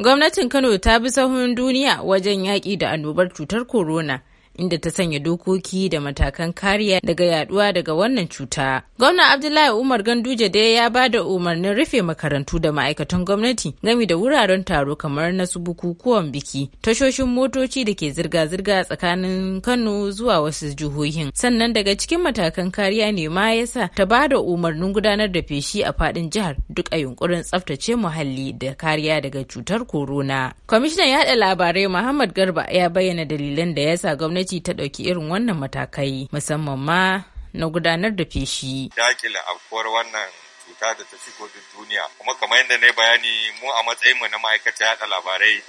Gwamnatin Kano ta bi sahun duniya wajen yaƙi da annobar cutar corona inda ta sanya dokoki da matakan kariya daga yaduwa daga wannan cuta. Gwamna Abdullahi Umar Ganduje da ya ba da umarnin rufe makarantu da ma'aikatan gwamnati game da wuraren taro kamar na su bukukuwan biki, tashoshin motoci da ke zirga-zirga tsakanin Kano zuwa wasu jihohin. Sannan daga cikin matakan kariya ne ma yasa ta ba da umarnin gudanar da feshi a fadin jihar duk a yunkurin tsaftace muhalli da kariya daga cutar corona. Kwamishinan yaɗa labarai Muhammad Garba ya bayyana dalilan da yasa gwamnati gwamnati ta ɗauki irin wannan matakai musamman ma na gudanar da feshi. Dakila afkuwar wannan cuta da ta ci gobin duniya kuma kamar yadda na bayani mu a matsayinmu na ma'aikata yaɗa labarai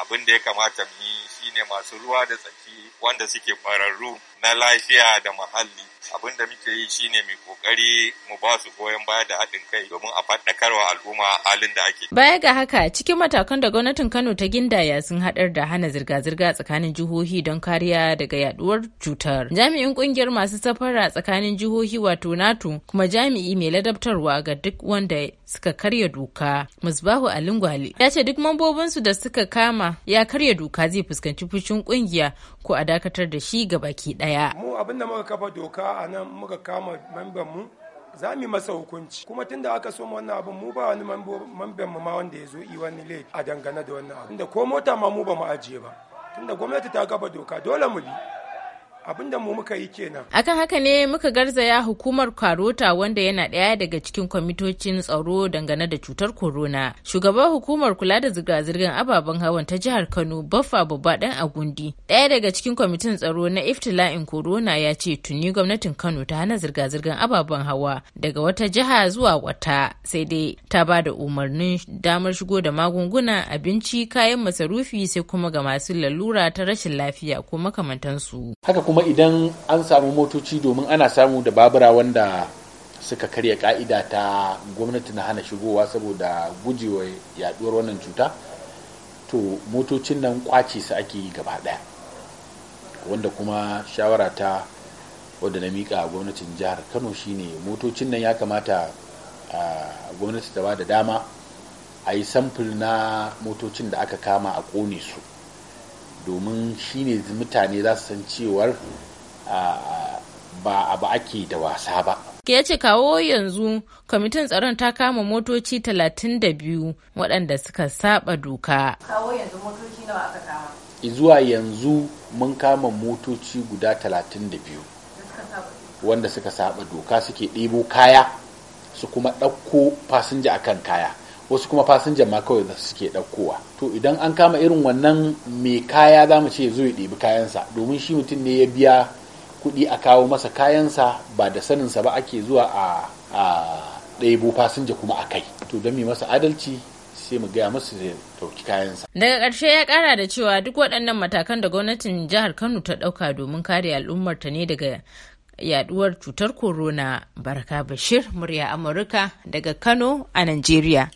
abin da ya kamata mu yi shine masu ruwa da tsaki wanda suke ƙwararru na lafiya da muhalli abin da muke yi shine mai kokari mu ba su goyon baya da haɗin kai domin a faɗakarwa al'umma halin da ake. Baya ga haka cikin matakan da gwamnatin Kano ta gindaya sun haɗar da hana zirga-zirga tsakanin jihohi don kariya daga yaduwar cutar. Jami'in ƙungiyar masu safara tsakanin jihohi wato NATO kuma jami'i mai ladabtarwa ga duk wanda suka karya doka. Musbahu Alingwali ya ce duk mambobinsu da suka kama ya karya doka zai fuskanci fushin ƙungiya ko a dakatar da shi ga baki ɗaya. baya mu abinda muka kafa doka a nan muka kama mamban mu za mu masa hukunci kuma tunda aka so wannan abin mu ba wani mu ma wanda ya zo yi wani late a dangane da wannan abin da ko mota ma mu ba mu ajiye ba tunda gwamnati ta kafa doka dole mu bi abinda mu muka yi kenan akan haka ne muka garzaya hukumar karota wanda yana ɗaya daga cikin kwamitocin tsaro dangane da cutar corona shugaban hukumar kula da zirga-zirgar ababen hawan ta jihar kano baffa babba dan agundi ɗaya daga cikin kwamitin tsaro na iftila'in corona ya ce tuni gwamnatin kano ta hana zirga-zirgar ababen hawa daga wata jiha zuwa wata sai dai ta ba da umarnin damar shigo da magunguna abinci kayan masarufi sai kuma ga masu lalura ta rashin lafiya ko makamantansu haka kuma kuma idan an samu motoci domin ana samu da babura wanda suka karya ka'ida ta gwamnati na hana shigowa saboda gujewa yaduwar wannan cuta to motocin nan kwace su ake yi gaba daya wanda kuma shawara ta wadda na mika gwamnatin jihar kano shine motocin nan ya kamata gwamnati ta ba da dama a yi samfil na motocin da aka kama a kone su domin shine mutane za su san cewar ba abu ake da wasa ba ya ce kawo yanzu kwamitin tsaron ta kama motoci 32 waɗanda suka saba doka kawo yanzu motoci nawa aka kama zuwa yanzu mun kama motoci guda 32 wanda suka saba doka suke ɗebo kaya su kuma ɗauko fasinja akan kaya wasu kuma fasinjan ma kawai da suke ɗaukowa to idan an kama irin wannan mai kaya za mu ce zo ya ɗebi kayansa domin shi mutum ne ya biya kuɗi a kawo masa kayansa ba da saninsa ba ake zuwa a ɗebo fasinja kuma a kai to don mai masa adalci sai mu gaya musu da ɗauki kayansa. Daga ƙarshe ya kara da cewa duk waɗannan matakan da gwamnatin jihar Kano ta ɗauka domin kare al'ummar ta ne daga yaduwar cutar corona. Barka Bashir, murya Amurka daga Kano a Najeriya.